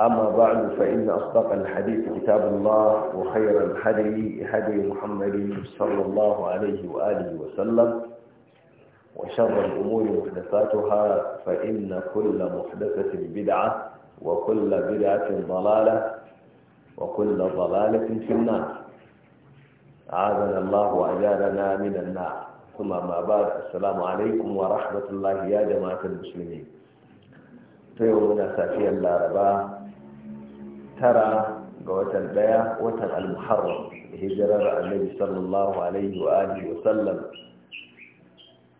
أما بعد فإن أصدق الحديث كتاب الله وخير الحدي هدي محمد صلى الله عليه وآله وسلم وشر الأمور محدثاتها فإن كل محدثة بدعة وكل بدعة ضلالة وكل ضلالة في النار أعاذنا الله وأجارنا من النار ثم ما بعد السلام عليكم ورحمة الله يا جماعة المسلمين في يومنا لا الأربعاء tara ga watan daya watan al-muharram hijirar annabi sallallahu alaihi wa alihi wa sallam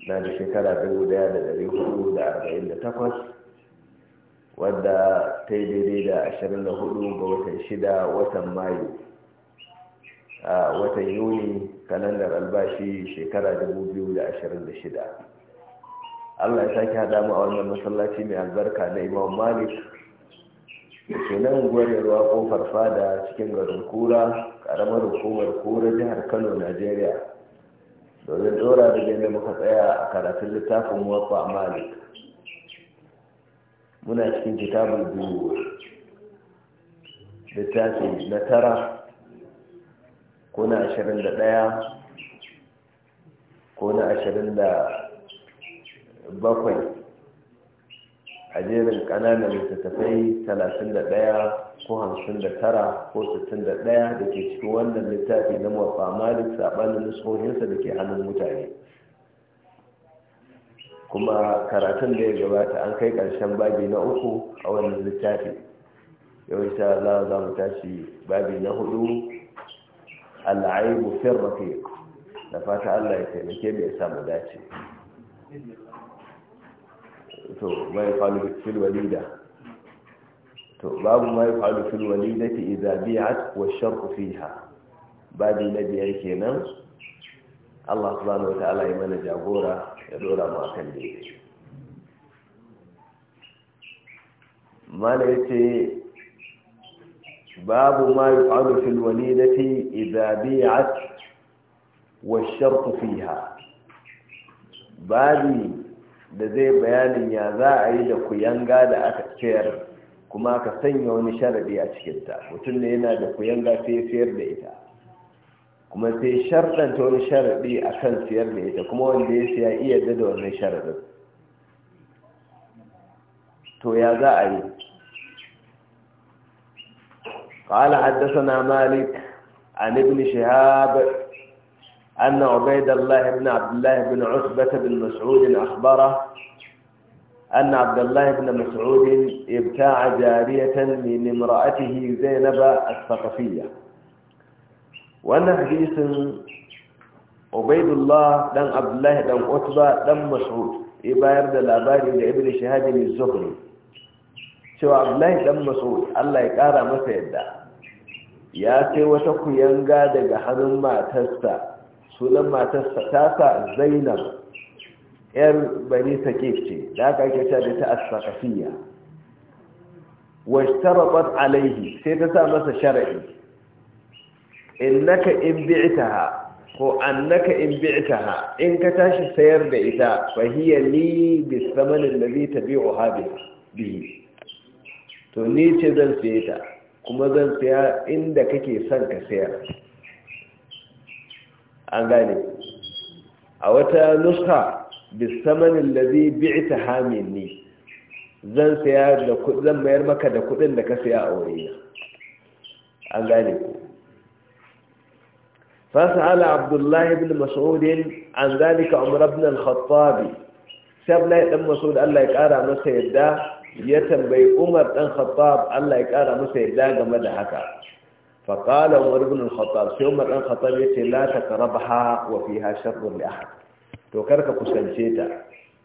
na da shekara 1448 wadda ta yi daidai da 24 ga watan shida watan mayu a watan yuni kalandar albashi shekara 2026 Allah ya sake haɗa mu a wannan masallaci mai albarka na Imam Malik da ke nan kofar fada cikin garin kura karamar hukumar kura jihar kano najeriya domin dora da yadda muka tsaya a karatun littafin a malik muna cikin kitabun biyu littafi na tara ko na ashirin da daya ko na ashirin da bakwai a jerin ƙananan littattafai 31 ko 59 ko 61 da ke cikin wannan littafi na mawafa malik saɓanin nusohinsa da ke hannun mutane kuma karatun da ya gabata an kai ƙarshen babi na uku a wannan littafi yau insha Allah za mu tashi babi na hudu al'aibu fi rafiq da fata Allah ya taimake mai ya samu dace to mai falu fil walida to babu mai falu fil walidati idza bi'at wa sharqu fiha babi na biyar kenan Allah subhanahu wataala ya mana jagora ya dora mu akan daidai mala yace babu ma yu'alu fil walidati idza bi'at wa sharqu fiha babi da zai bayanin ya za a yi da kuyanga da aka ciyar kuma aka sanya wani sharadi a cikinta mutum ne yana da kuyanga sai sayar da ita kuma sai sharɗanta wani sharadi a kan sayar da ita kuma wanda ya siya iya da wannan sharadin to ya za a yi قال حدثنا مالك عن ابن شهاب أن عبيد الله بن عبد الله بن عتبة بن مسعود أخبره أن عبد الله بن مسعود ابتاع جارية من امرأته زينب الثقفية وأن حديث عبيد الله بن عبد الله بن عتبة بن مسعود يبارد الأباري لابن شهاب الزهري شو عبد الله بن مسعود الله يقارى مسعود يا سي وتكو ينقى دقى حنما تستى sunan matarsa sa zainab yar bari saƙif ce da aka ake ta da ta asfaƙafiya washtarabat alaihi sai ta sa masa shara'i naka in bi'taha ko naka in bi'taha in ka tashi sayar da ita fa hiya li da zai ladhi tabi'uha bihi to ni ce zan siya ta kuma zan saya inda kake son ka sayar an gane a wata nuska bisamanin lazi bi'ita hamin ne zan saya da zan mayar maka da kudin da ka saya a wurina an gane ku فسأل عبد الله بن مسعود عن ذلك عمر بن الخطاب سبلا بن مسعود الله يقرا masa yadda ya tambayi Umar dan Khattab Allah ya kara masa yadda game da haka faƙala umar ibn al-khattab sai umar dan khattab yace la taqrabaha wa fiha sharrun li ahad to karka kusance ta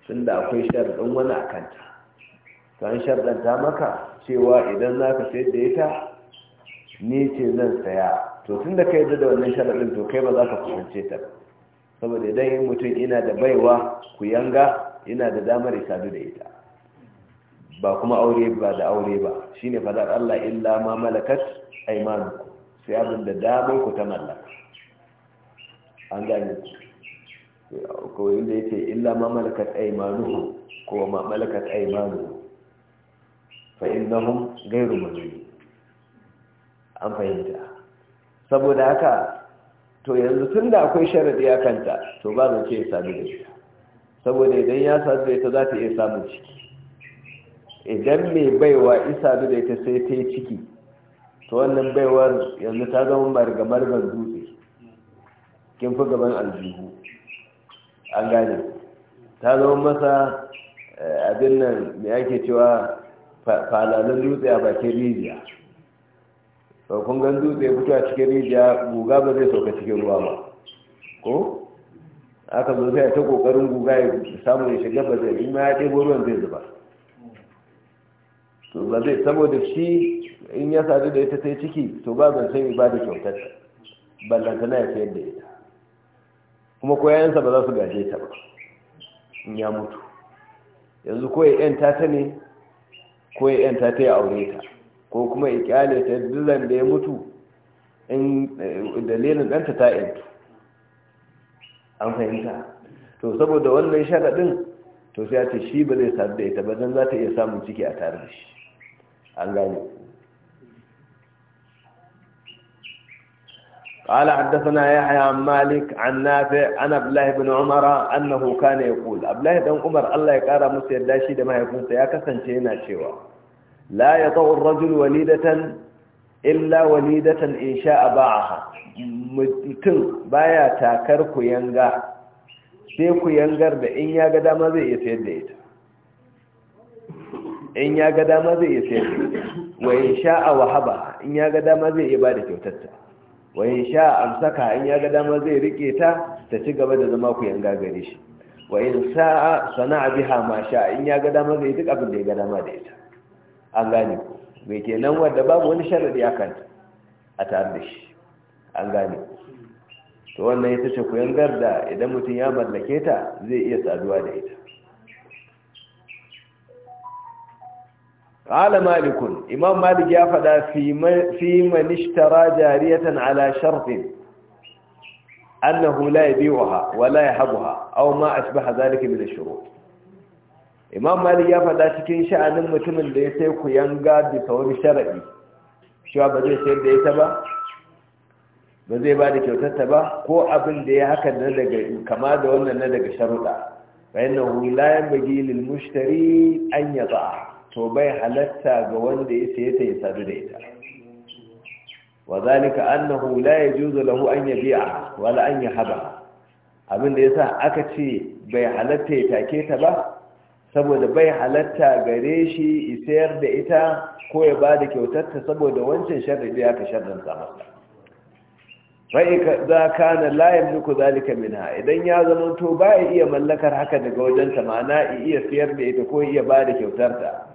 tunda akwai sharrin wani akan to an sharɗanta maka cewa idan zaka sayar da ita ni ce zan saya to tunda kai da wannan sharadin to kai ba za ka kusance ta saboda idan mutum ina da baiwa ku yanga ina da damar sadu da ita ba kuma aure ba da aure ba shine fadar Allah illa ma malakat aymanu sai abin da damar ku ta mallaka an gane ko ya yake illa ma malakat aymanuhu ko ma malakat aymanuhu fa hun gairu mamnun an fahimta saboda haka to yanzu tun da akwai sharadi ya kanta to ba zan ce ya sami da ita saboda idan ya sami da ita za ta iya samun ciki idan mai baiwa isa da ita sai ta yi ciki ta wannan baiwar yanzu ta zama margamargar dutse kin fi gaban aljihu an gane ta zama masa eh, abin nan mai ake cewa falalin dutse a bakin rijiya saukun gan dutse fito a cikin rijiya guga ba zai sauka cikin ruwa ba ko aka zo sai ta kokarin guga ya samu ya shiga ba zai ma ya ɗebo ruwan zai zuba to ba zai saboda shi in ya sadu da ita sai ciki to ba zan san ibada kyautar ballanta na ya sayar da ita kuma koyayensa ba za su gaje ta ba in ya mutu yanzu ko ya yanta ta ne ko ya ta ta ya aure ta ko kuma ya kyale ta dillan da ya mutu in eh, dalilin ɗanta ta yantu an fahimta to saboda wannan shagadin to sai ya ce shi ba zai sadu da ita ba don za ta iya samun ciki a tare da shi an gane قال حدثنا يحيى عن مالك عن نافع عن عبد الله بن عمر انه كان يقول عبد الله بن عمر الله يقرا مس da mahaifinsa ya kasance yana cewa la tsawon ar-rajul walidatan illa walidatan in sha'a ba'aha mutum baya takar ku yanga sai ku yangar da in ya ga dama zai iya sayar da ita in ya ga dama zai iya sayar wa in sha'a wahaba in ya ga dama zai iya bada kyautar ta wa in sha'a amsaka in ya ga dama zai rike ta ta ci gaba da zama ku yanga gare shi wa in sa'a sana'a biha ma sha. in ya ga dama zai duk abin da ya ga dama da ita an gane ku me kenan wanda babu wani sharadi a ta? a tare da shi an gane to wannan ita ce yangar da idan mutum ya mallake ta zai iya saduwa da ita qala malikun imam malik ya fada fi man ishtara jariyatan ala shartin annahu la yabi'uha wa la yahbuha aw ma asbaha zalika min ash-shurut imam malik ya fada cikin sha'anin mutumin da ya sai ku yanga da sauri sharadi cewa ba zai sayar da ba ba zai da kyautarta ba ko abin da haka na daga kama da wannan na daga sharuɗa bayan na hulayen bagi lilmushtari an yaba to bai halatta ga wanda ya sai ta ya sadu da ita wa zalika annahu la yajuzu lahu an yabi'a wala an yahaba abin da yasa aka ce bai halatta ya take ta ba saboda bai halatta gare shi isayar da ita ko ya bada kyautar ta saboda wancan sharri da aka sharrin sa masa za ka na layin nuku zalika minha idan ya zama to ba iya mallakar haka daga wajen ta mana iya sayar da ita ko iya bada kyautar ta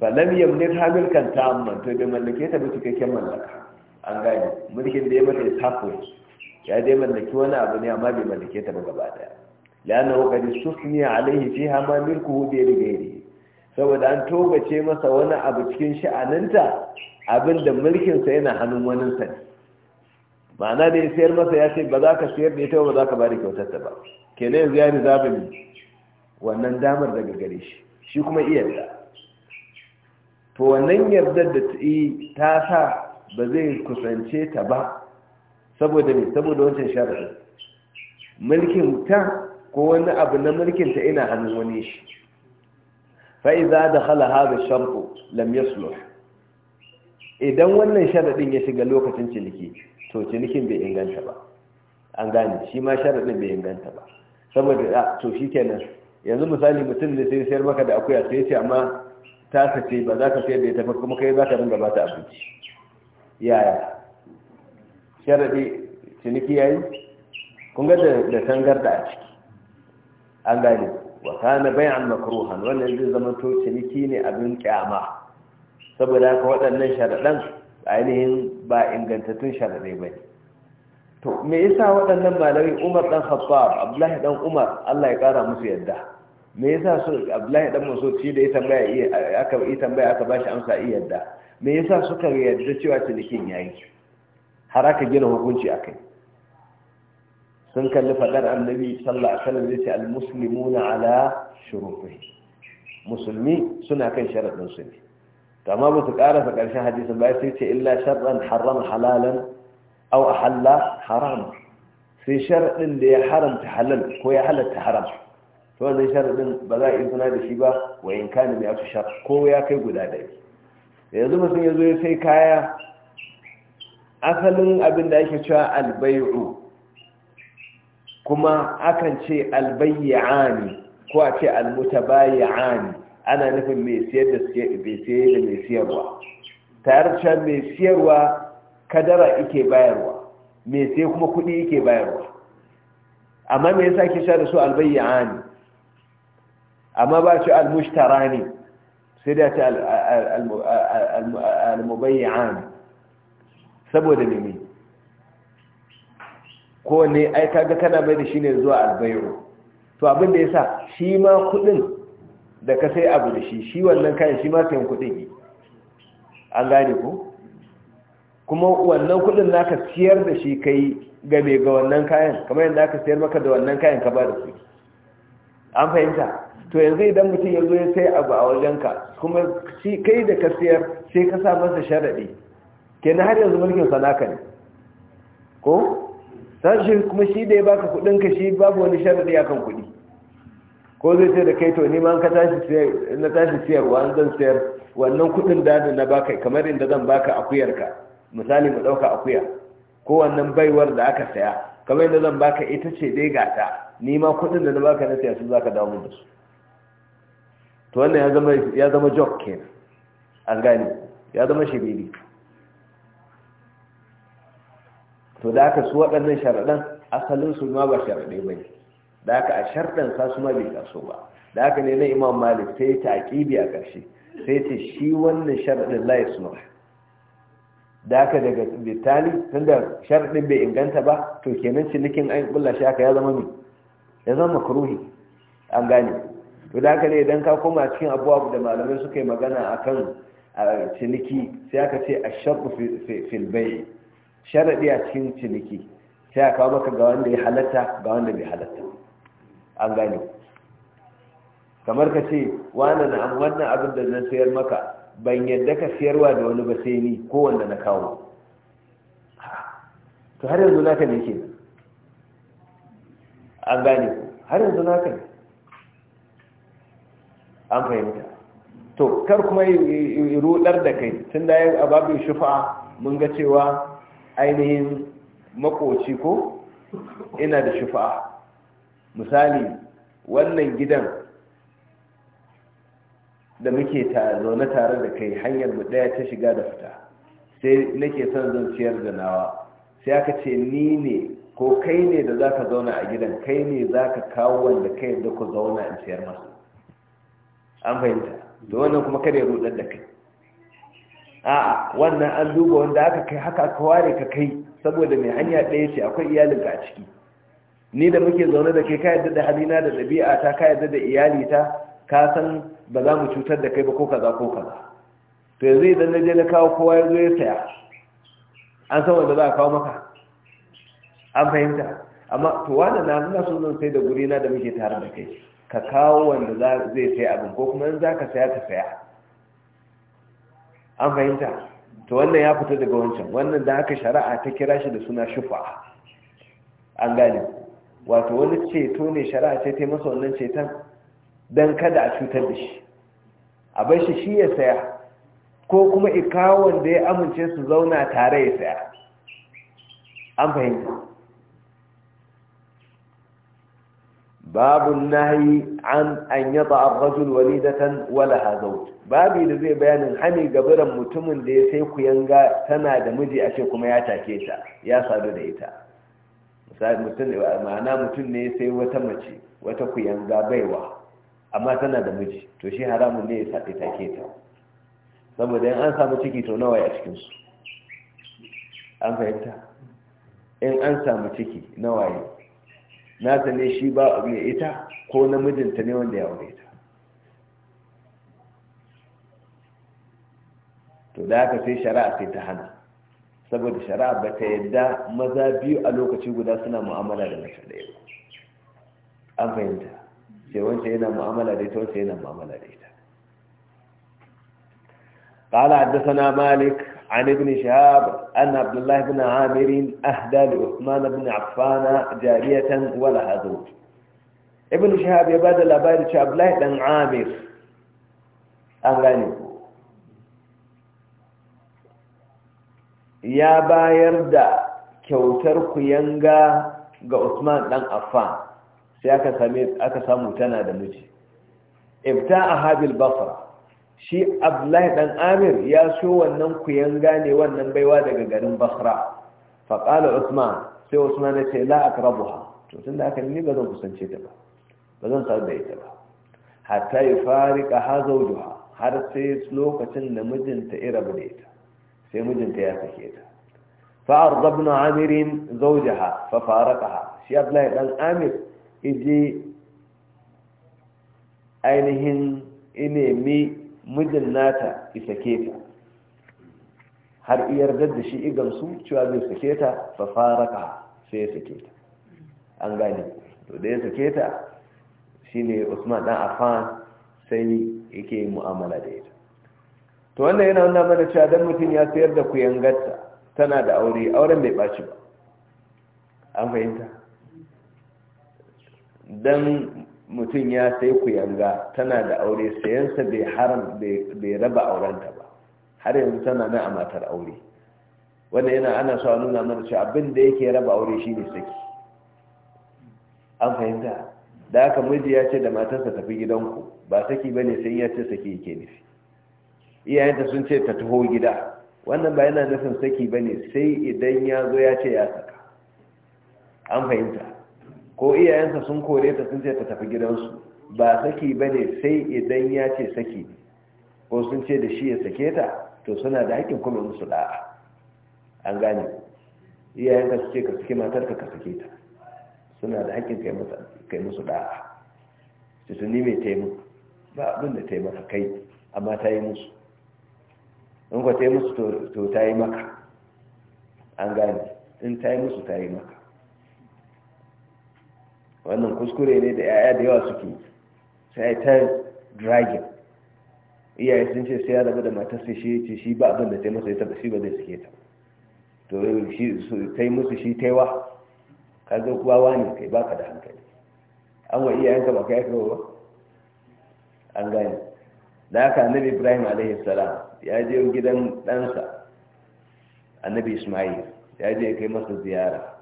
falam yamnit hamilkan ta'amman to bai mallake ta ba cikakken mallaka an gane mulkin da ya mata ya tafi ya dai mallaki wani abu ne amma bai mallake ta ba gaba daya lana qad sufniya alaihi hama ma milkuhu bi ghairi saboda an tobace masa wani abu cikin sha'aninta abinda mulkin sa yana hannun wani sa ma'ana da ya sayar masa ya ce ba za ka sayar da ita ba za ka bada kyautar ta ba kenan yanzu ya rizaba wannan damar daga gare shi shi kuma iya to wannan yardar da ta yi ta sa ba zai kusance ta ba saboda mai saboda wancan sharaɗin mulkin ta ko wani abu na mulkin ta ina hannun wani shi fa'iza da halaha da shampo lam idan wannan sharaɗin ya shiga lokacin ciniki to cinikin bai inganta ba an gani shi ma sharaɗin bai inganta ba saboda ah, to shi kenan yanzu misali mutum da sai sayar maka da akuya sai ce amma ta sace ba za ka sayar da ita kuma kai za ka dinga ba ta abinci yaya sharaɗi ciniki ya yi kun ga da da a ciki an gani wa kana bayan makruhan wannan zai zama to ciniki ne abin kyama saboda haka waɗannan sharaɗan ainihin ba ingantattun sharaɗai ba ne to me yasa waɗannan malami umar ɗan khattab abdullahi ɗan umar allah ya ƙara musu yadda me yasa so abdullahi dan maso da ya tambaya aka yi tambaya aka bashi amsa iya yadda me yasa suka yarda cewa cinikin yayi har aka gina hukunci akai sun kalli fadar annabi sallallahu alaihi wasallam yace almuslimuna ala shurutihim musulmi suna kan sharadin su ne to amma ba su karasa karshen hadisin ba sai ce illa sharran harram halalan aw ahalla haram sai sharadin da ya haramta halal ko ya halatta haram to wannan sharadin ba za a yi suna da shi ba wa in kana mai aka shar ko ya kai guda daya yanzu mutum yazo ya sai kaya asalin abin da ake cewa albayu kuma akan ce albayyani ko a ce almutabayani ana nufin mai siyar da mai siyarwa tare da mai siyarwa kadara ike bayarwa mai sai kuma kudi ike bayarwa amma me yasa ke sha da su albayyani amma ba ce al-mushtara ne sai da ce al-mubayyan saboda ne ai kaga kana mai da shi ne zuwa albayo to abin da ya sa shi ma kudin da ka sai abu da shi shi wannan kayan shi ma sayan kudin yi an gane ku kuma wannan kudin naka siyar da shi kai game ga wannan kayan kamar yadda aka siyar maka da wannan kayan ka ba da su an fahimta to yanzu idan mutum ya zo ya sai abu a wajenka kuma kai da ka siyar sai ka sa masa sharaɗi kenan har yanzu mulkin sanaka ne ko sashi kuma shi da ya baka kuɗinka shi babu wani sharaɗi akan kuɗi ko zai sai da kai to ni ma ka tashi na tashi siyarwa an zan siyar wannan kuɗin da na baka kamar inda zan baka akuyarka misali mu ɗauka akuya ko wannan baiwar da aka saya kamar inda zan baka ita ce dai gata ni ma kuɗin da na baka na siya su zaka dawo mun da su to wannan ya zama ya zama joke kenan an gane ya zama shiriri to da aka su waɗannan sharaɗan asalin su ma ba sharaɗe bai da aka a sharɗan sa su ma bai kaso ba da aka ne na imam malik sai ta aƙibi a ƙarshe sai ta shi wannan sharaɗin layi suna da aka daga bitali tun da sharaɗin bai inganta ba to kenan cinikin an ƙulla shi aka ya zama mai ya zama makruhi an gane to da haka ne idan ka koma cikin abubuwa da malamai suka yi magana a kan ciniki sai aka ce a shafi filbai sharaɗi a cikin ciniki sai a kawo maka ga wanda ya halatta ga wanda bai halatta an gane kamar ka ce wannan wannan abin da na sayar maka ban yadda ka sayarwa da wani ba sai ni ko wanda na kawo to har yanzu naka ne ke an gane har yanzu naka ne an fahimta to kar kuma yi rudar da kai tun da ya babu shufa mun ga cewa ainihin makoci ko ina da shufa misali wannan gidan da muke zaune tare da kai hanyar mu daya ta shiga da fita sai nake son zan ciyar da nawa sai aka ce ni ne ko kai ne da za ka zauna a gidan kai ne za ka kawo wanda kai da ku zauna a ciyar masu an fahimta to wannan kuma kada ya rudar da kai a wannan an duba wanda aka kai haka aka ware ka kai saboda mai hanya ɗaya ce akwai iyalinka a ciki ni da muke zaune da kai ka yadda da halina da ɗabi'a ta ka yadda da iyali ta ka san ba za mu cutar da kai ba ko kaza ko kaza to yanzu idan na je na kawo kowa ya zo ya saya an san wanda za a kawo maka an fahimta amma to wannan na nuna so zan sai da guri na da muke tare da kai ka kawo wanda zai sai abin ko kuma yanzu za ka saya ka saya an fahimta to wannan ya fito daga wancan wannan da haka shari'a ta kira shi da suna shufa an gane wato wani ceto ne shari'a ce ta yi masa wannan ceton don kada a cutar da shi a bai shi shi ya saya ko kuma ikawon da ya amince su zauna tare ya saya an fahimta babu nahi an an yata ar-rajul walidatan walaha zawj babu da zai bayanin hani gabaran mutumin da ya sai ku yanga tana da miji ashe kuma ya take ta ya sadu da ita misali mutum ma'ana mutum sai wata mace wata ku yanga baiwa amma tana da miji to shi haramun ne ya sadu take ta saboda in an samu ciki to nawa a cikin su an fahimta in an samu ciki nawa ne nasa ne shi ba a ya ita ko namijinta ne wanda ya aure ta to da aka sai shari'a sai ta hana saboda shari'a ba ta yadda maza biyu a lokaci guda suna mu'amala da mace yau an fahimta sai wancan yana mu'amala da ita wancan yana mu'amala da ita قال حدثنا مالك عن ابن شهاب أن عبد الله بن عامر أهدى لعثمان بن عفان جارية ولا زوج ابن شهاب يبادل لبايد شعب الله بن عامر أغاني يا باير دا كوتر قيانغا غا عثمان بن عفان سياكا سميت أكا سامو تنا دا ابتاء هذه البصره shi abdullahi dan amir ya so wannan kuyan ne wannan baiwa daga garin basra faƙala usman sai usman ya ce la'ak akrabuha to da aka ni ba zan kusance ta ba ba zan sadu da ita ba hatta ya farika ha zaujuha har sai lokacin da mijinta ira rabu sai mijinta ya sake ta fa'ar zabna amirin zaujaha fa farakaha shi abdullahi dan amir ainihin inemi mijin nata isake ta har iyar da shi igamsu cewa zai sake ta fa faraka sai ya sake ta an gane to da ya sake ta shine Usman dan Affan sai yake mu'amala da ita to wannan yana nuna mana cewa dan mutum ya sayar da yangarta tana da aure auren bai baci ba an fahimta dan mutum ya sai ku yanga tana da aure sayansa bai haram bai raba aurenta ba har yanzu tana nan a matar aure wanda yana ana so a nuna mana cewa abin da yake raba aure shine saki an fahimta da haka miji ya ce da matarsa tafi gidanku ba saki bane sai ya ce saki yake nufi iyayenta sun ce ta taho gida wannan ba yana nufin saki bane sai idan ya zo ya ce ya saka an fahimta ko iyayensa sun kore ta sun ce ta tafi gidansu ba saki ba ne sai idan ya ce saki ko sun ce da shi ya sake ta to suna da haƙƙin kuma musu da'a an gane iyayenka su ce ka suke matarka ka sake ta suna da haƙƙin kai musu da'a su sun ni taimu ba abin da taimaka kai amma ta yi musu in ka taimusu to ta yi maka an gane in ta yi musu ta yi maka wannan kuskure ne da yaya da yawa suke sai ta dragon iyaye sun ce sai ya rabu da matar sai shi ce shi ba abin da ta masa ita shi ba zai suke ta to ta kai musu shi ta wa ka zo kuwa wani kai baka da hankali an wa iyayenka ba kai kawo ba an gane da haka annabi ibrahim alaihi salam ya je gidan ɗansa annabi ismail ya je kai masa ziyara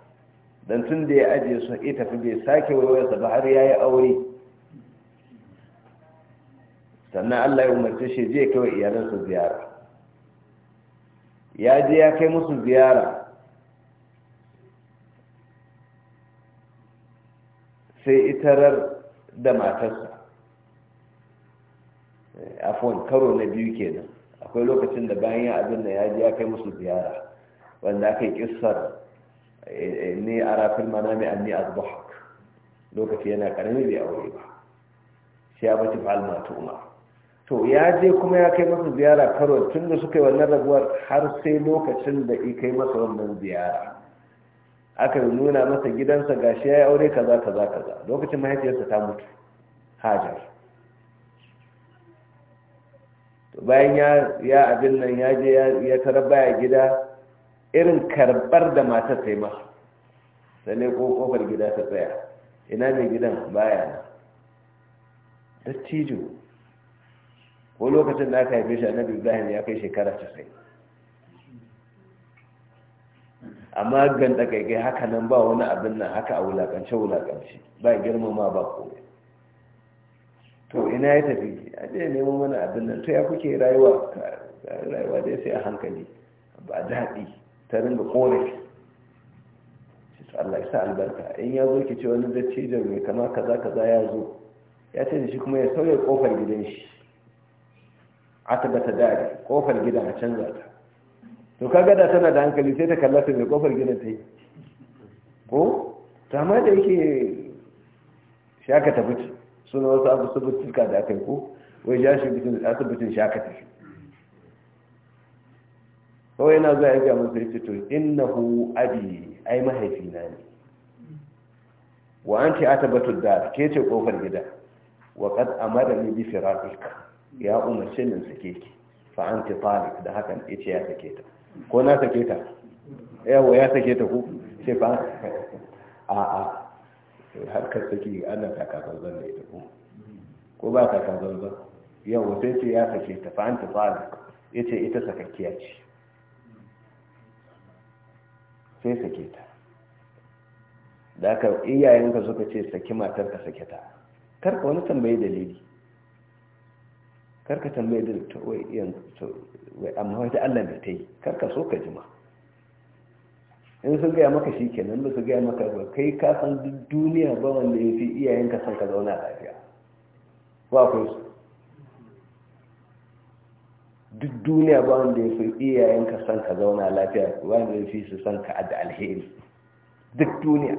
don tun da ya ajiye su ya tafi bai sake waiwayarsa ba har ya yi aure sannan allah ya umarci shi je kawai iyalansa ziyara ya je ya kai musu ziyara sai itarar da matarsa eh, afon karo na biyu kenan akwai lokacin da bayan abin da ya je ya kai musu ziyara wanda aka yi kissar ni ara fil manami anni azbahak lokaci yana karami bai aure ba shi ya bace fa'al ma tuma to ya je kuma ya kai masa ziyara karo tun da suka yi wannan rabuwar har sai lokacin da i kai masa wannan ziyara aka nuna masa gidansa gashi ya yi aure kaza kaza kaza lokacin mahaifiyarsa ta mutu hajar bayan ya abin nan ya je ya tara baya gida irin karbar da matar ta yi masa sai ko kofar gida ta tsaya ina mai gidan baya na dattijo ko lokacin da aka haife shi annabi ibrahim ya kai shekara 90 amma ganda kai haka nan ba wani abin nan haka a wulakance wulakance ba girmama ba kome. to ina ya tafi a je nemo mana abin nan to ya kuke rayuwa rayuwa dai sai a hankali ba daɗi ta ringa shi su Allah isa sa albarka in ya zo ki ce wani dattijan mai kama kaza kaza ya zo ya ce da shi kuma ya sauya kofar gidan shi ta bata dare kofar gidan a canza ta to ka da tana da hankali sai ta kallata mai kofar gidan ta yi ko ma da yake shaka ta fice suna wasu abu su da aka yi ko wai ya shi asibitin shaka ta fi kawai yana zuwa ya gaya masa ya ce to innahu abi ai mahaifina ne wa an ce atabatu da ke ce kofar gida wa qad amara ni bi firaqik ya umarce min sake ki fa anti talik da hakan ce ya sake ta ko na sake ta yawa ya sake ta ku ce fa a a har ka saki ana takakar zan ne ku ko ba takakar zan yawa sai ce ya sake ta fa anti talik ce ita sakakkiya ce sai sake ta da aka iyayenka suka ce saki matar ka sake ta karka wani tambaye dalili karka tambaye da wai iyan wai amma wata Allah mai ta yi karka so ka jima in su gaya maka shi kenan da su gaya maka ba kai kasan duniya ba wanda ya fi iyayenka son ka zauna lafiya ba akwai duk duniya ba wanda ya fi iyayenka son ka zauna lafiya ba, wanda ya fi su son ka adda alheri duk duniya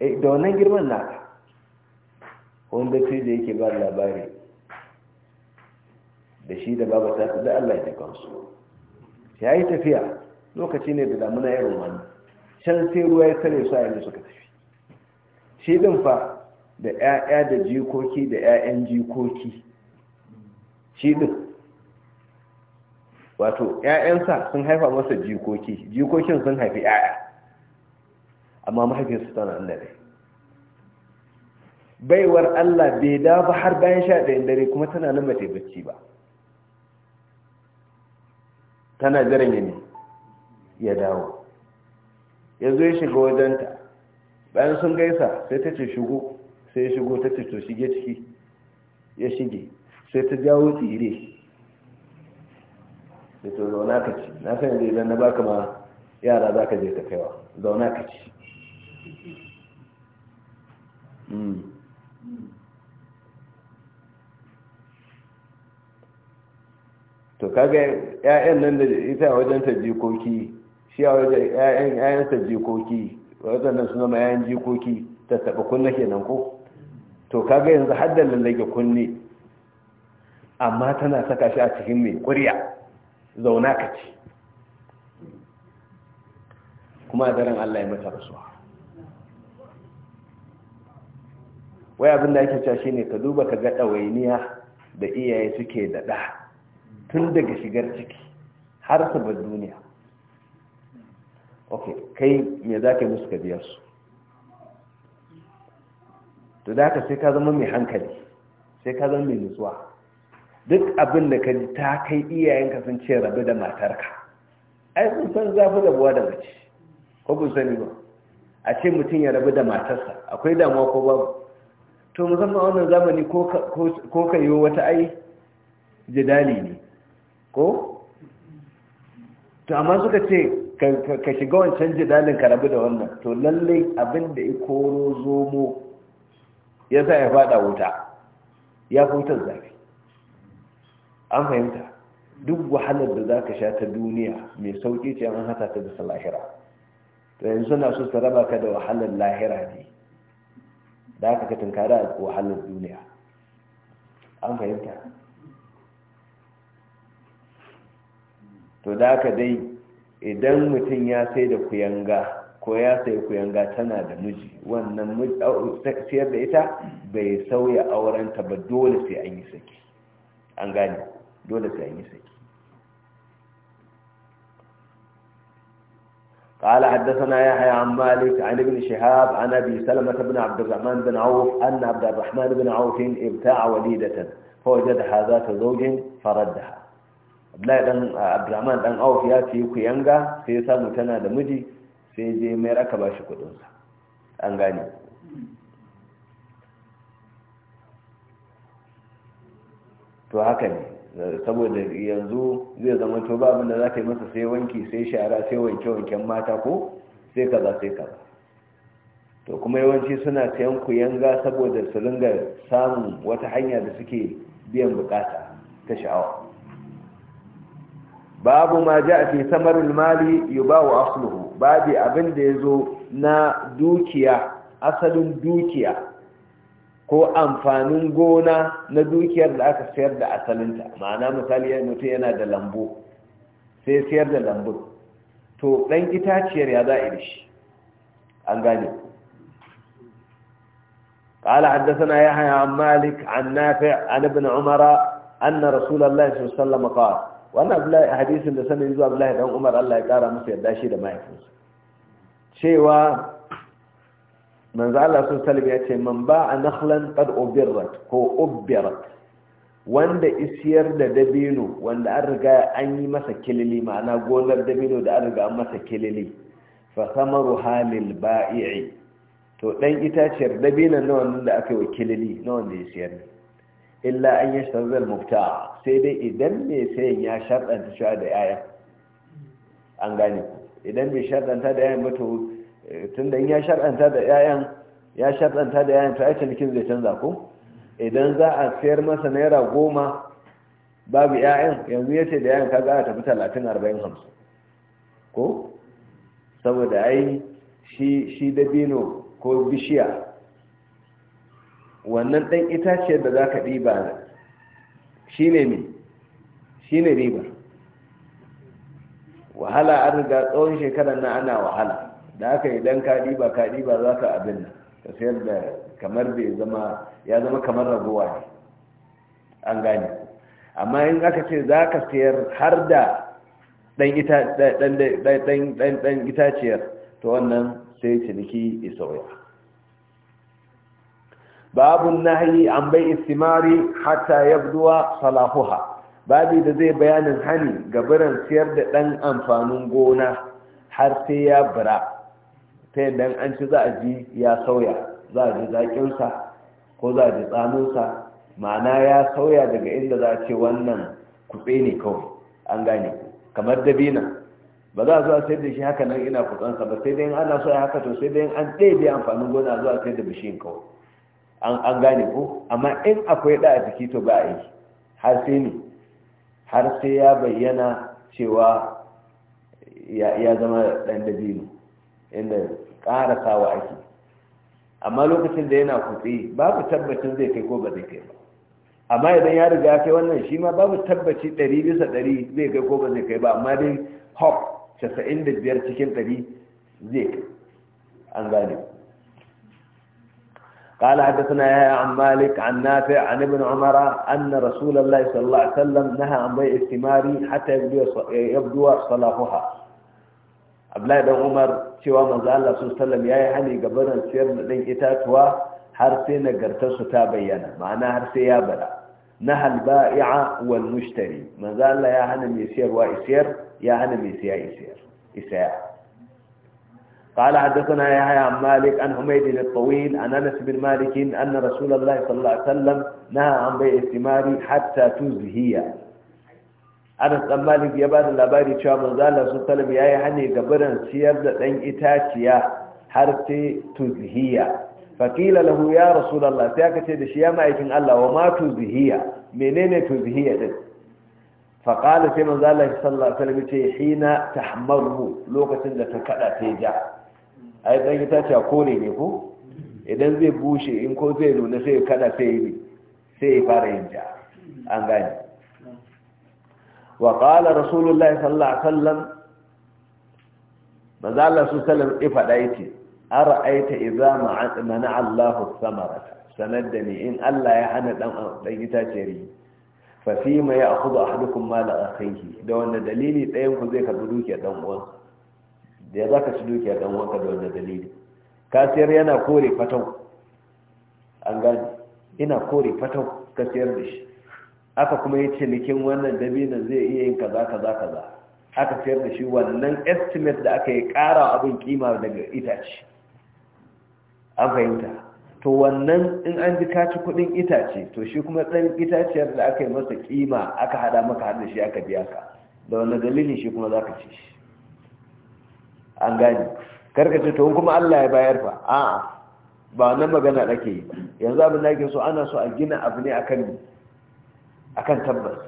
eh, da wannan girman na wanda ce da yake ba labari da shi da baba ta da Allah ya su ya yi tafiya lokaci ne da damuna irin wani can sai ruwa ya tare su a yanzu suka tafi shi din fa da 'ya'ya da jikoki da 'ya'yan jikoki shi din wato ‘ya'yansa sun haifa masa jikoki jikokin sun haifi ‘ya'ya amma mahaifinsu tana annabi baiwar Allah bai dafa har bayan sha ɗayan dare kuma tana nan mace bacci ba tana jiran ya ne ya dawo ya zo ya shiga wajenta bayan sun gaisa sai ta ce shigo sai ya shigo ta ce to shige ciki ya shige sai ta jawo tsire da to zauna ka ci na san da idan na baka ma yara za ka je ka kaiwa zauna ka ci hmm. to kaga ƴaƴan nan da ita wajen ta jikoki shi a wajen ƴaƴan ƴaƴan ta jikoki wajen nan suna mai ƴaƴan jikoki ta taba kunna kenan ko to kaga yanzu haddan lallage kunne amma tana saka shi a cikin mai ƙuriya zauna ka ce, kuma a daren Allah ya mata rasuwa wai abin da ake cashe ne ka duba ka ga ɗawainiya da iyaye suke daɗa tun daga shigar ciki har su duniya ok kai me za ka yi musu ka biya su to da ka sai ka zama mai hankali sai ka zama mai nutsuwa duk abin da ka ji ta kai iyayenka sun ce rabu da matarka ai sun san zafi buwa da mace ko kun sani ba a ce mutum ya rabu da matarsa akwai damuwa ko babu to musamman wannan zamani ko ka yi wata ai jidali ne ko to amma suka ce ka shiga wancan jidalin ka rabu da wannan to lallai abin da ya koro zomo ya sa ya fada wuta ya fi wutar zafi an fahimta duk wahalar da za ka sha ta duniya mai sauƙi ce an hata ta bisa lahira to yanzu na so su raba ka da wahalar lahira ne da aka kada a wahalar duniya an fahimta to da aka dai idan mutum ya sai da kuyanga ko ya sai kuyanga tana da miji wannan siyar da ita bai sauya auren ta ba dole sai an yi saki an gane dole sai an yi saki قال حدثنا يحيى عن مالك عن ابن شهاب عن ابي سلمه بن عبد الرحمن بن عوف ان عبد الرحمن بن عوف ابتاع وليده فوجدها ذات زوج فردها Abdullahi dan Abdurrahman dan Auf ya ce ku yanga sai ya samu tana da miji sai je aka raka bashi kudin an gane to haka ne saboda yanzu zai zama to ba abinda za ka yi masa sai wanki sai shara sai wanke-wanken mata ko sai kaza sai kaza to kuma yawanci suna sayan kuyanga saboda su ringa samun wata hanya da suke biyan bukata ta sha'awa babu ma ja fi samarul mali yubawu asulhu, babu abin da zo na dukiya asalin dukiya ko amfanin gona na dukiyar da aka sayar da asalinta ma'ana misali mutum yana da lambu sai sayar da lambun to ɗan itaciyar ya za a yi shi an gane قال حدثنا يحيى عن مالك عن نافع عن ابن عمر أن رسول الله صلى الله عليه وسلم قال وأنا أبلا حديث Umar, Allah ya عمر الله yadda shi da لما يفوز manzo Allah sun salbi ya ce man ba a nakhlan qad ubirat ko ubirat wanda isiyar da dabino wanda an riga an yi masa kilili ma'ana gonar dabino da an riga an masa kilili fa samaru halil ba'i'i to dan itaciyar dabinan na wannan da aka yi wa kilili na wanda ya siyar ne illa an yi sharzar mufta sai dai idan mai sai ya sharɗanta cewa da yaya an gane ku idan bai sharɗanta da 'ya'ya mutu. tun da ya shar'anta da 'ya'yan ya shar'anta da 'ya'yan to cinikin zai canza ko idan za a sayar masa naira goma babu 'ya'yan yanzu ya ce da 'ya'yan ka za a tafi talatin arba'in hamsin ko saboda ai shi dabino ko bishiya wannan ɗan itaciyar da za ka ɗiba shi ne mai shi ne riba wahala an riga tsawon shekarar na ana wahala da aka idan ka ba ka ba za ka abin ka sayar da kamar bai zama ya zama kamar ragowa ne an gane amma in aka ce za ka sayar har da ɗan itaciyar ta wannan sai ciniki isauya babu nahi an bai istimari hatta yabduwa salahuha babi da zai bayanin hani ga biran siyar da ɗan amfanin gona har sai ya bira ta yadda an ci za a ji ya sauya za a ji zaƙinsa ko za a ji tsanunsa ma'ana ya sauya daga inda za a ce wannan kutse ne kawai an gane kamar dabina ba za a zuwa sai da shi haka nan ina kutsansa ba sai dai ana so ya haka to sai dai an ɗaya amfanin gona zuwa sai da bishiyin kawai an gane ko amma in akwai ɗa a jiki to ba a yi har sai ne har sai ya bayyana cewa ya zama ɗan dabino inda ƙara sawa ake amma lokacin da yana kutse babu tabbacin zai kai ko ba zai kai ba amma idan ya riga kai wannan shi ma babu tabbaci ɗari bisa ɗari zai kai ko ba zai kai ba amma dai hop casa'in da biyar cikin ɗari zai kai an gane قال حدثنا يا عم مالك عن نافع عن ابن عمر أن رسول الله صلى الله عليه وسلم نهى عن بيع الثمار حتى يبدو صلاحها abdullahi dan umar cewa manzo Allah sallallahu alaihi yayi hani ga barin siyar da dan itatuwa har sai nagartar su ta bayyana ma'ana har sai ya bara nahal bai'a wal mushtari manzo Allah ya hana mai siyarwa isiyar ya hana mai siya isiyar isaya قال حدثنا يحيى عن مالك عن حميد الطويل عن انس بن مالك ان رسول الله صلى الله عليه وسلم نهى عن بيع الثمار حتى تزهي anas dan malik ya ba da labari cewa manzo Allah sun alaihi yayi hane ga birin siyar da dan itaciya har sai tuzhiya fakila lahu ya rasulullah sai aka ce da shi ya ma'aikin Allah wa ma tuzhiya menene tuzhiya din faqala sai manzo Allah sallallahu alaihi wasallam ce hina tahmaru lokacin da ta kada ta ja ai dan itaciya kore ne ko idan zai bushe in ko zai nuna sai ya kada sai sai fara yin ja an gani wa qala rasulullahi sallallahu alaihi wasallam manzo Allah su sallam ifada yake ara'aita idza ma'ana Allahu thamarata sanar da ni in Allah ya hana dan dan itaceri fa fi ma ya'khudhu ahadukum mal akhihi da wanda dalili ɗayan ku zai karbi dukiyar dan uwan da ya zaka ci dukiyar dan uwan ka da dalili ka yana kore fatau an ina kore fatau ka sayar da shi aka kuma yi cinikin wannan dabinan zai iya yin kaza kaza kaza aka sayar da shi wannan estimate da aka yi kara abin kima daga itace an fahimta to wannan in an ji kaci kudin itace to shi kuma ɗan itaciyar da aka yi masa kima aka hada maka har da shi aka biya ka da wani dalilin shi kuma za ka ci shi an gani karkace to kuma allah ya bayar fa a'a ba wannan magana ɗake yi yanzu abin da ake so ana so a gina abu ne akan akan tabbas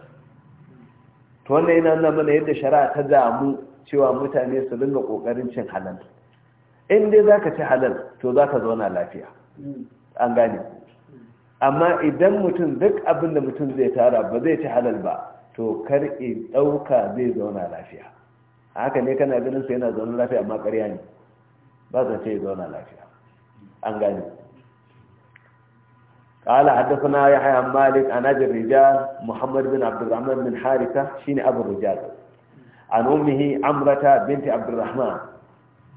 to wannan yana nuna mana yadda shari'a ta damu cewa mutane su dinga kokarin cin halal in dai zaka ci halal to zaka zauna lafiya an gane amma idan mutum duk abin da mutum zai tara ba zai ci halal ba to kar i dauka zai zauna lafiya haka ne kana ganin sai yana zauna lafiya amma ƙarya ne ba zai ce zauna lafiya an gane قال حدثنا يحيى عن مالك عن ابي الرجال محمد بن عبد الرحمن بن حارثه شين ابو الرجال عن امه عمره بنت عبد الرحمن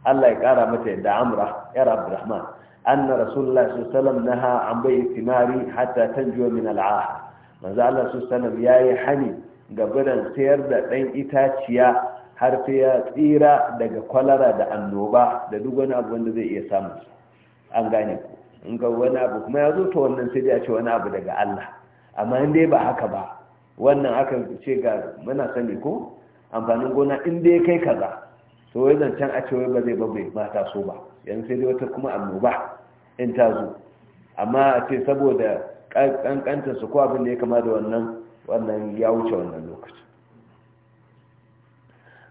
الله يقرا متى ده عمره يا عبد الرحمن ان رسول الله صلى الله عليه وسلم نهى عن بيع الثمار حتى تنجو من العاهه manzo Allah su sanar yayi hani ga biran sayar da dan itaciya har sai ya tsira daga kwalara da annoba da duk wani abu wanda zai iya samu an gane ku in ga wani abu kuma ya zo ta wannan sai ya ce wani abu daga Allah amma in dai ba haka ba wannan aka ce ga muna sani ko amfanin gona in dai kai kaza to wai zancen a ce wai ba zai babai ba ta so ba yanzu sai dai wata kuma annoba in ta zo amma a ce saboda kankantar su ko abin da ya kama da wannan wannan ya wuce wannan lokacin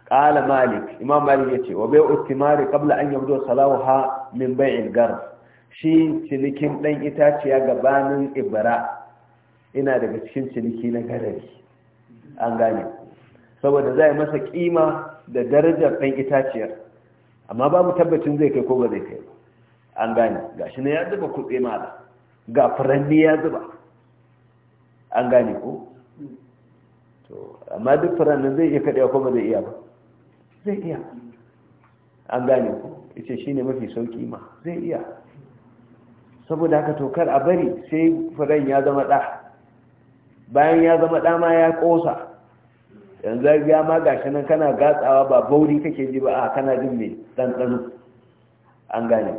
qala malik imam malik yace wa bai'u thimari qabla an yabdu salawaha min bai'il garb shi cinikin ɗan itaciya gabanin ibara ina daga cikin ciniki na gadari an gane saboda za yi masa kima da darajar ɗan itaciyar amma ba mu tabbacin zai kai ko ba zai kai an gane ga shi na ya zuba kutse mala ga furanni ya zuba an gane ko amma duk furannin zai iya kaɗewa ko ba zai iya ba zai iya an gane ko ita shi ne mafi sauƙi ma zai iya saboda haka tokar a bari sai furen ya zama ɗa bayan ya zama ɗa ma ya ƙosa yanzu ya ma gashi nan kana gatsawa ba bauri kake ji ba a kana jin mai ɗanɗano an gane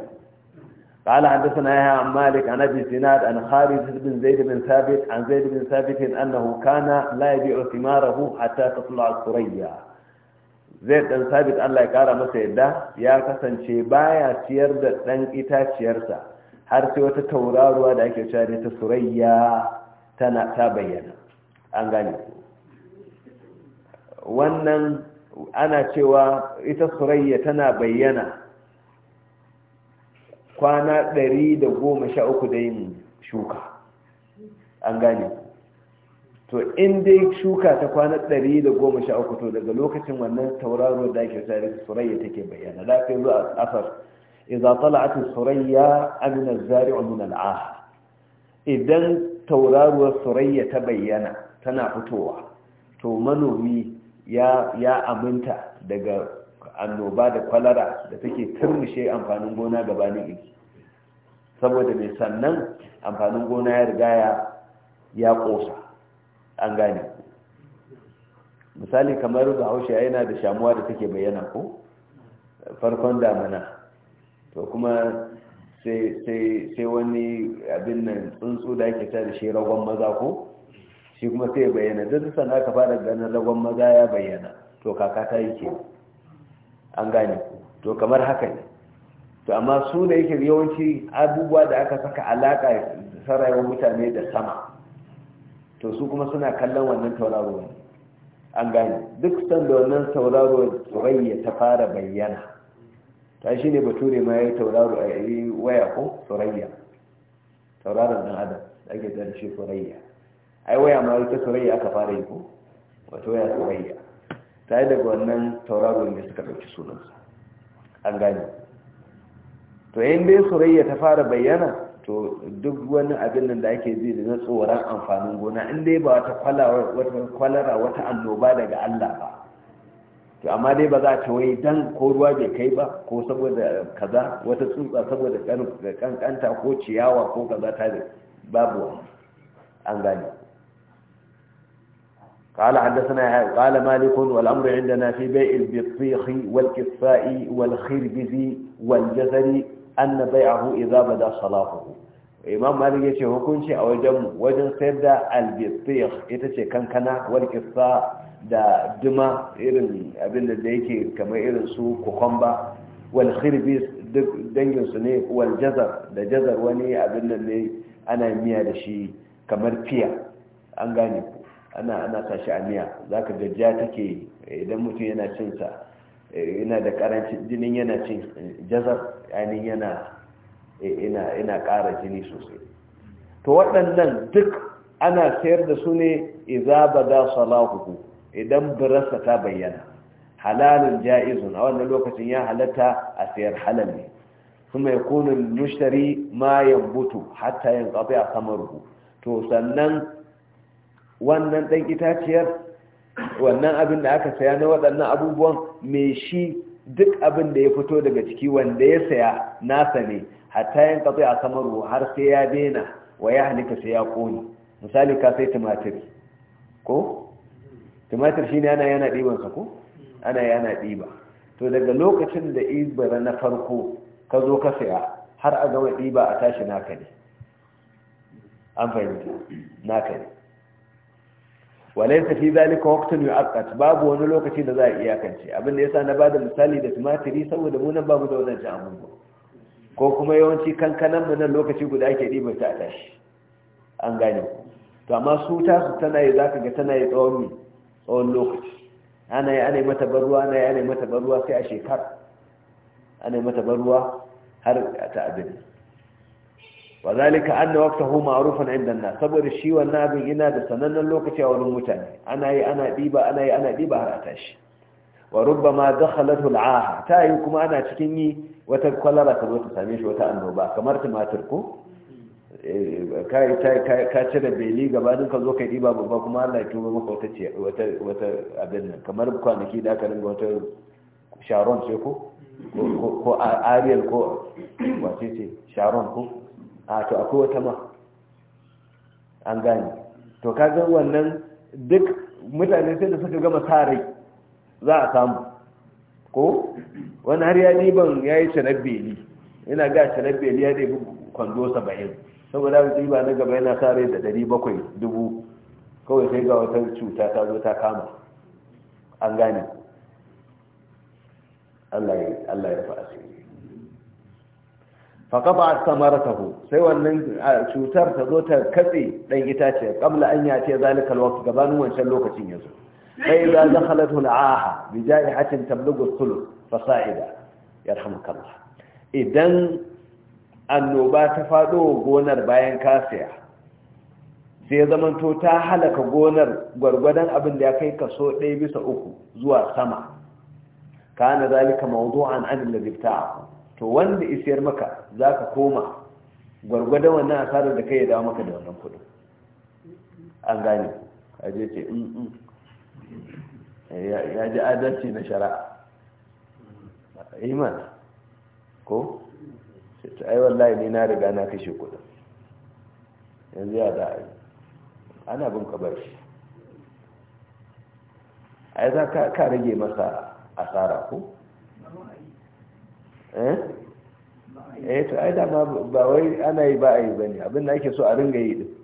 قال حدثنا يا مالك عن ابي سناد عن خالد بن زيد بن ثابت عن زيد بن ثابت انه كان لا يبيع ثماره حتى تطلع الثريا زيد بن ثابت الله يقرا masa yadda ya kasance baya ciyar da ɗan itaciyarsa har sai wata tauraruwa da ake cewa ta surayya tana ta bayyana an gane wannan ana cewa ita surayya tana bayyana kwana ɗari da goma sha uku yin shuka an gane to in dai shuka ta kwana ɗari da goma sha uku to daga lokacin wannan tauraruwa da ake ta surayya take bayyana za ka yi zuwa asar idza tala'at as-surayya amina az-zari'u min al-'ah idan tauraruwar surayya ta bayyana tana fitowa to manomi ya aminta daga annoba da kwalara da take turmushe amfanin gona gabanin iki saboda mai sannan amfanin gona ya riga ya ya an gane misali kamar bahaushe yana da shamuwa da take bayyana ko farkon damana to kuma sai wani abin nan tsuntsu da ake ta da shi ragon maza ko shi kuma sai bayyana duk san aka fara ganin ragon maza ya bayyana to kaka ta yi ke an gane to kamar haka ne to amma su da yake yawanci abubuwa da aka saka alaka sarayewar mutane da sama to su kuma suna kallon wannan tauraro ne an gane duk sanda wannan tauraro tsurayya ta fara bayyana ta shi ne bature ma ya yi tauraro a yi waya ko sorayya tauraron dan adam da ake da shi sorayya ai waya ma ita sorayya aka fara yi ko wato waya sorayya ta yi daga wannan tauraron ne suka ɗauki sunansa an gane to yin dai sorayya ta fara bayyana to duk wani abin nan da ake zai da na tsoron amfanin gona in dai ba wata kwalara wata annoba daga Allah ba to amma dai ba za ta wai dan ko ruwa bai kai ba ko saboda kaza wata tsutsa saboda kankanta ko ciyawa ko kaza ta babu an gani قال حدثنا قال مالك والأمر عندنا في بيع البطيخ والكفاء والخربز والجزر أن بيعه إذا بدا صلاحه إمام مالك يشي هكونش أو وجن سيدا البطيخ يتشي كنكنا والكفاء da duma irin abin da yake kamar irin su kokomba wal khirbis duk dangin ne wal jazar da jazar wani abin da ne ana miya da shi kamar fiya an gane ku ana ana sa shi a miya zaka jajja take idan mutum yana cin sa yana da karancin jinin yana cin jazar yani yana ina ina ƙara jini sosai to waɗannan duk ana sayar da su ne idza bada salahu idan birarsa ta bayyana halalin ja'izun a wannan lokacin ya halatta a sayar halal ne kuma ya kunin mushtari ma ya butu hatta yin kafa a samar ku. to sannan wannan ɗan itaciyar wannan abin da aka saya na waɗannan abubuwan mai shi duk abin da ya fito daga ciki wanda ya saya nasa ne hatta yin kafa a samar ku, har sai ya dena wa ya halika sai ya ƙone, misali ka sai tumatir ko tumatir shi ne ana yana ɗibansa ko ana yana ɗiba to daga lokacin da ibara na farko ka zo ka saya har a gama ɗiba a tashi naka ne an fahimta naka ne walai ta fi zalika waktun yu'aqqat babu wani lokaci da za a iyakance abin da sa na bada misali da tumatiri saboda munan babu da wannan ci ba. ko kuma yawanci kankanan mu nan lokaci guda ake ɗiba ta a tashi an gane to amma su tasu tana yi ka ga tana yi tsawon tsawon lokaci ana yi ana yi mata barruwa ana yi ana yi mata barruwa sai a shekara ana yi mata barruwa har ta abin wa zalika anna waqtahu ma'rufan 'inda an-nas saboda shi wannan abin yana da sanannen lokaci a wurin mutane ana yi ana diba ana yi ana diba har a tashi wa rubbama dakhalatu al-'aha ta yi kuma ana cikin yi wata kwalara ta zo ta same shi wata annoba kamar tumatir ko Eh, ka cire beli gaba ka zo ka ɗiba babba kuma allah ya tuba maka wata wata abin nan kamar kwanaki da aka ringa wata sharon ce ko ko ariel ko wace ce sharon ko a to akwai wata ma an gane to ka ga wannan duk mutane sai da suka gama sarai za a samu ko wani har ya ban ya yi shanar beli ina ga shanar beli ya ɗebi kwando saba'in saboda haka riba na gaba yana sa rai da ɗari bakwai dubu kawai sai ga wata cuta ta zo ta kama an gane allah ya fi asiri faƙafa a samar ta hu sai wannan cutar ta zo ta katse ɗan itace ƙamla an yace zalikal wasu gabanin wancan lokacin yanzu sai za za halatu aha bi hatin tablugu sulus fasa'ida yarhamukallah idan annoba ta faɗo gonar bayan kasiya sai ya zamanto ta halaka gonar gwargwadon abin da ya kai kaso ɗaya bisa uku zuwa sama ka na zalika mawdu'an an zifta to wanda isiyar maka za ka koma gwargwadon wannan asarar da kai ya dawo maka da wannan kudin an gane a je ce mm, mm. Eh, ya ji adalci na shara'a iman eh, ko sai ta ai wallahi ne na riga na kashe kudin yanzu ya da ai ana bin kabar shi ai za ka rage masa asara ko eh eh to ai da ba wai ana yi ba a yi bane abin da ake so a ringa yi din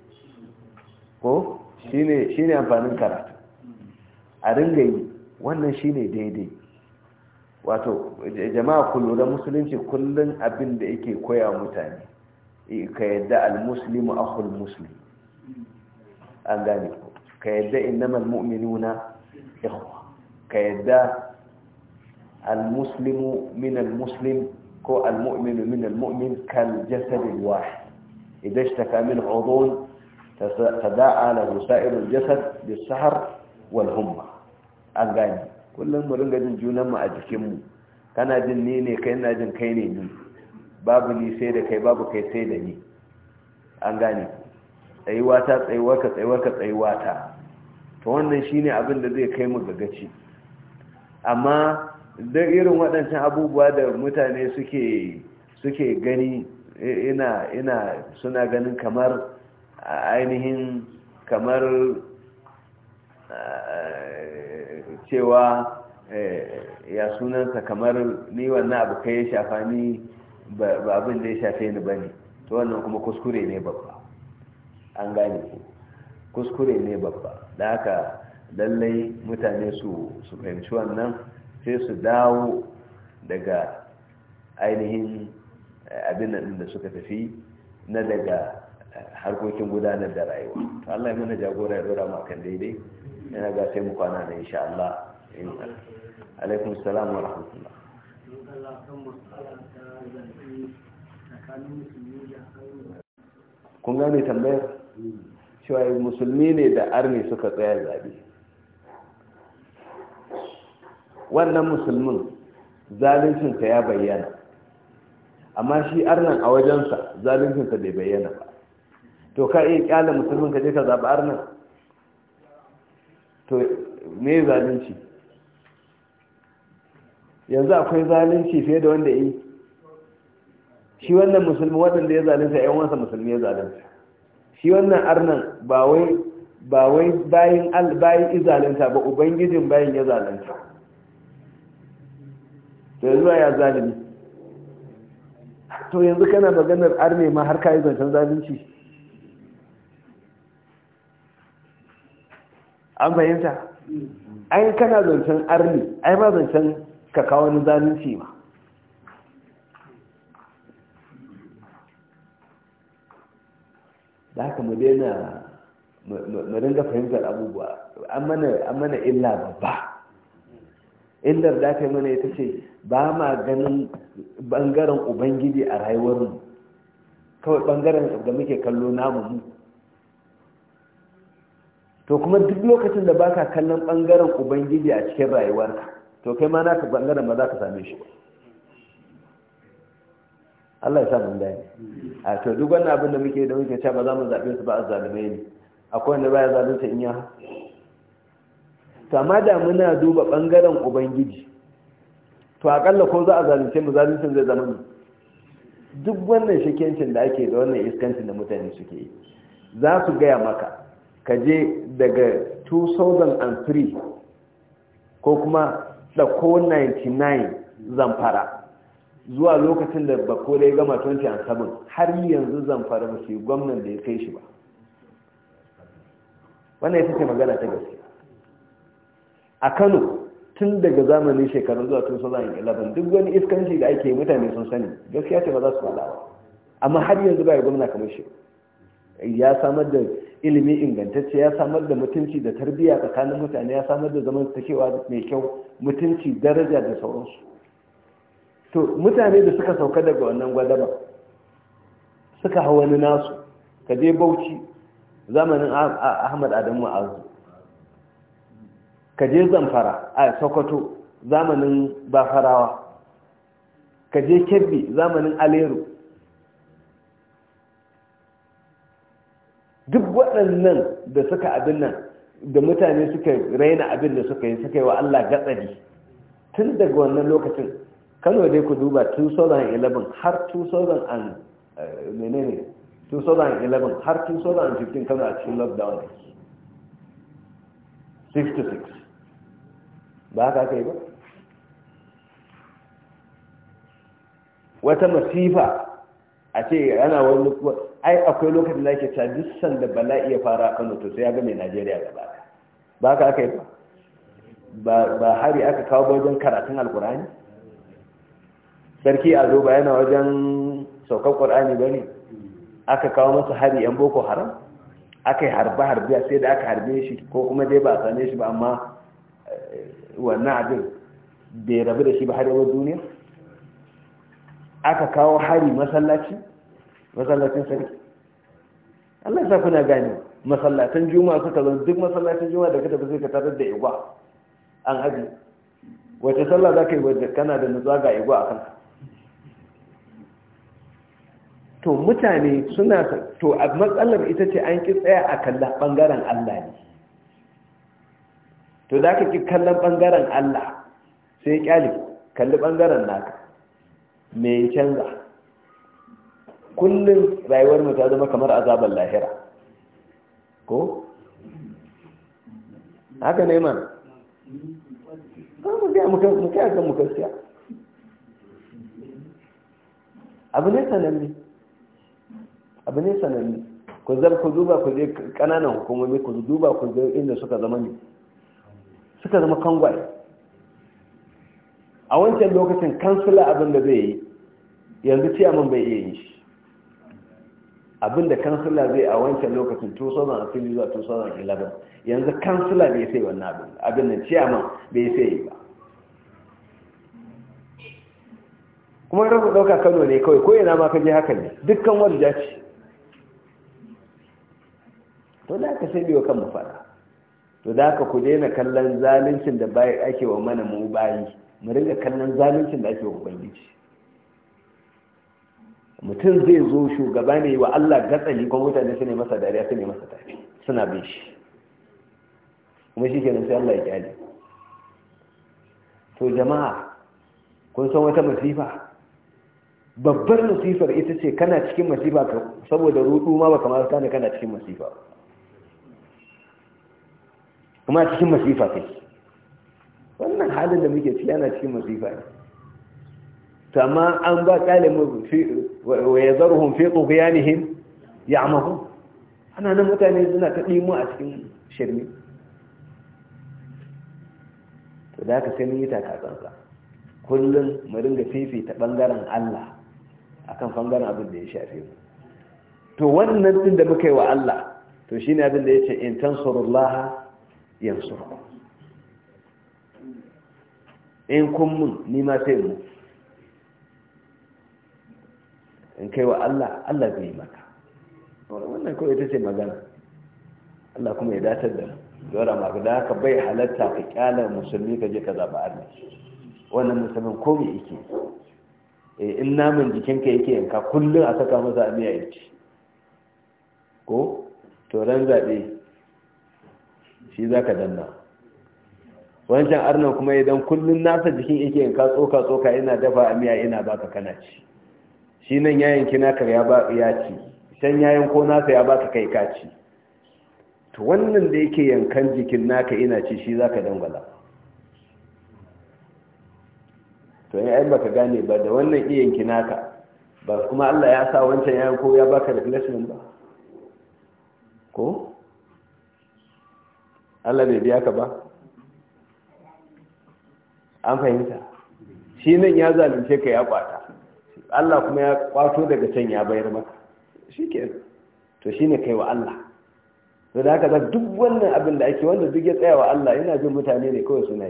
ko shine shine amfanin karatu a ringa yi wannan shine daidai wato jama'a kullu da musulunci kullun abin da yake koya mutane ka yadda al-muslimu akhul muslim an gane ko ka yadda innamal mu'minuna ikhwa ka yadda al-muslimu min al-muslim ko al-mu'minu min al-mu'min kal jasad al-wahid idha ishtaka min 'udhun tada'a lahu sa'ir al-jasad bis-sahr wal humma an gane kullum mu ringa jin junanmu a jikinmu kana jin ni ne kai na jin kai ne ni babu ni sai da kai babu kai sai da ni an gane tsayuwa ta tsayuwa ka tsayuwa ka tsayuwa ta to wannan shine abin da zai kai mu gagaci amma da irin waɗancan abubuwa da mutane suke suke gani eh, ina ina suna ganin kamar ainihin kamar cewa eh, ya sunansa kamar ni wannan abu kai ya shafa ni ba abin da ya shafe ni ba ne to wannan kuma kuskure ne babba an gane ku kuskure ne babba da haka lallai mutane su su fahimci wannan sai su dawo daga ainihin eh, abin da suka tafi na daga eh, harkokin gudanar da rayuwa to Allah ya mana jagora ya dora mu akan daidai yana ga sai mu kwana da insha Allah alaikum salam wa rahmatullah kun gane tambayar cewa musulmi ne da arni suka tsaya zaɓe wannan musulmin zaluncinsa ya bayyana amma shi arnan a wajensa zaluncinsa bai bayyana ba to ka iya kyala musulmin ka je ka zaɓi arnan to me zalunci yanzu akwai zalunci fiye da wanda yi shi wannan musulmi waɗanda ya zalunta ‘yan wasa musulmi ya zalunta shi wannan arnan ba wai bayan izalunta ba ubangijin bayan ya zalunta to yanzu ya zalimi to yanzu kana maganar arne ma har ka yi zancen zalunci an fahimta ai kana zancen arni ai ma zancen ka kawo wani zalunci ma da haka dai daina mu dinga fahimtar abubuwa an mana illa babba illar da ta mana ita ce ba ma ganin bangaren ubangiji a rayuwarmu kawai bangaren da muke kallo namu to kuma duk lokacin da baka kallon bangaren ubangiji a cikin rayuwarka to kai ma naka bangaren ba za ka same shi Allah ya sa mun dai a to duk wannan abin da muke da muke cewa ba za mu zabe su ba a ne akwai wanda baya zalunta in ya to amma da muna duba bangaren ubangiji to akalla ko za a zalunce mu zaluncin zai zama duk wannan shikencin da ake da wannan iskancin da mutane suke yi za su gaya maka ka je daga 2003 ko kuma ɗako 99 zamfara zuwa lokacin da bako da ya gama 2007 har yanzu zamfara ba su yi gwamnan da ya kai shi ba wannan ya ce magana ta gaske a kano tun daga zamanin shekarun zuwa 2011 duk wani iskanci da ake mutane sun sani gaskiya ce ba za su faɗa amma har yanzu ba ya gwamna kamar shi ya samar da ilimi ingantacce ya samar da mutunci da tarbiyya tsakanin mutane ya samar da zaman takewa mai kyau mutunci daraja da sauransu to mutane da suka sauka daga wannan gwadaba suka hau wani nasu ka je bauchi zamanin ahmad adamu azu ka je zamfara a sokoto zamanin bafarawa ka je kebbi zamanin aleru duk waɗannan da suka abin nan da mutane suka raina abin da suka yi suka yi wa Allah gatsari tun daga wannan lokacin kano dai ku duba 2011 har 2011 eh, har 2015 kano a cikin lockdown ne 66 ba haka yi ba wata masifa a ce yana wani ai akwai lokacin da yake ta duk sanda bala'i ya fara a Kano to sai ya ga mai Najeriya gaba ba ka aka yi ba hari aka kawo wajen karatun alkurani sarki a zo ba yana wajen saukar ba ne. aka kawo masa hari yan boko haram aka yi harba harbi sai da aka harbe shi ko kuma dai ba a same shi ba amma eh, wannan abin bai rabu da shi ba har yau duniya aka kawo hari masallaci masallacin sarki Allah ya kuna gani. masallatan juma'a suka zo duk masallacin juma'a da ka tafi suka ka tarar da igwa an haji wace sallah za ka yi wadda kana da nutsuwa ga igwa a kanka to mutane suna to a matsalar ita ce an ki tsaya a kallon ɓangaren Allah ne to da ka ki kallon ɓangaren Allah sai ya kyale kalli ɓangaren naka me ya canza kullum rayuwar mu ta zama kamar azabar lahira ko haka ne ma? ba mu ga mu kai kan mu gaskiya abu ne sananne abu ne sananne ku zar ku duba ku je kananan hukumomi ku duba ku je inda suka zama ne suka zama kangwai a wancan lokacin kansula abin da zai yi yanzu ciyaman bai iya yin shi abinda kansila zai a wancan lokacin 2003 zuwa 2011 yanzu kansila bai sai wannan abin abin da ciyaman bai sai ba kuma idan ku dauka kano ne kawai ko yana ma ka je haka ne dukkan wani ce to da aka sai biyo kan mu fara to da aka ku daina kallon zaluncin da bai ake wa mana mu bayi mu ringa kallon zaluncin da ake wa ubangiji mutum zai zo shugaba ne wa Allah gatsali kuma mutane su ne masa dariya su ne masa tafi suna bin shi kuma shi ke sai Allah ya kyale to jama'a kun san wata masifa babbar masifar ita ce kana cikin masifa saboda rudu ma baka ma kana kana cikin masifa kuma cikin masifa kai wannan halin da muke ciki yana cikin masifa ne kama an ba kalimin wa ya zarhun fi tsohiyanihim ya ana nan mutane suna ta ɗimu a cikin shirme to da ka sai mun yi takatsantsa kullum mu fifi fifita ɓangaren Allah akan ɓangaren abin da ya shafe mu to wannan din da muka yi wa Allah to shine abin da ce in tansurullah yansurku in kun mun ni sai mu in kai wa Allah Allah zai maka wannan kawai ita ce magana Allah kuma ya datar da dora ma guda haka bai halatta ka kyalar musulmi ka je ka zaɓi Allah wannan musulmin ko me yake eh, in naman jikinka yake yanka kullum a saka masa a miya yaci ko ran zaɓe shi za ka danna wancan arnan kuma idan kullum nasa jikin yake yanka tsoka-tsoka yana dafa a miya yana baka kana ci shi nan ya yanki naka ya ba ya ci san ya ko naka ya baka kai ka ci to wannan da yake yankan jikin naka ina ci shi zaka dangwala to ai ai baka gane ba da wannan iyan ki naka ba kuma Allah ya sa wancan ya ko ya baka replacement ba ko Allah bai biya ka ba an fahimta shi nan ya zalunce ka ya kwata Allah kuma ya kwato daga can ya bayar maka shi ke to shi ne kai wa Allah to da haka za duk wannan abin da ake wanda duk ya tsaya wa Allah ina jin mutane ne kawai suna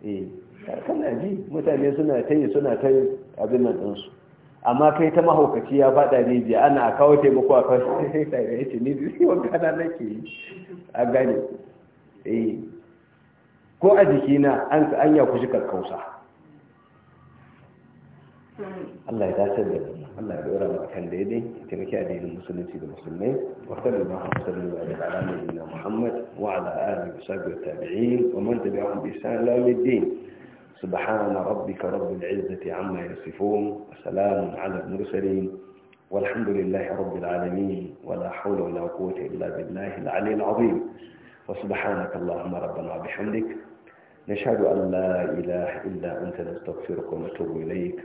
yi eh kana ji mutane suna ta yi suna ta yi abin nan ɗinsu amma kai ta mahaukaci ya faɗa ne biya ana a kawo taimako a kawo ta yi ce ni zai wani kana nake yi a gane eh ko a jikina an ya kushi kakkausa الله يتاسد الله يقول ما كان ليدي يتنكي أدين المسلمين سيد المسلمين واختبوا معه وسلموا أدب على نبينا محمد وعلى آله وصحبه التابعين ومن تبعهم بإسان لهم الدين سبحان ربك رب العزة عما يصفون وسلام على المرسلين والحمد لله رب العالمين ولا حول ولا قوة إلا بالله العلي العظيم وسبحانك اللهم ربنا وبحمدك نشهد أن لا إله إلا أنت نستغفرك ونتوب إليك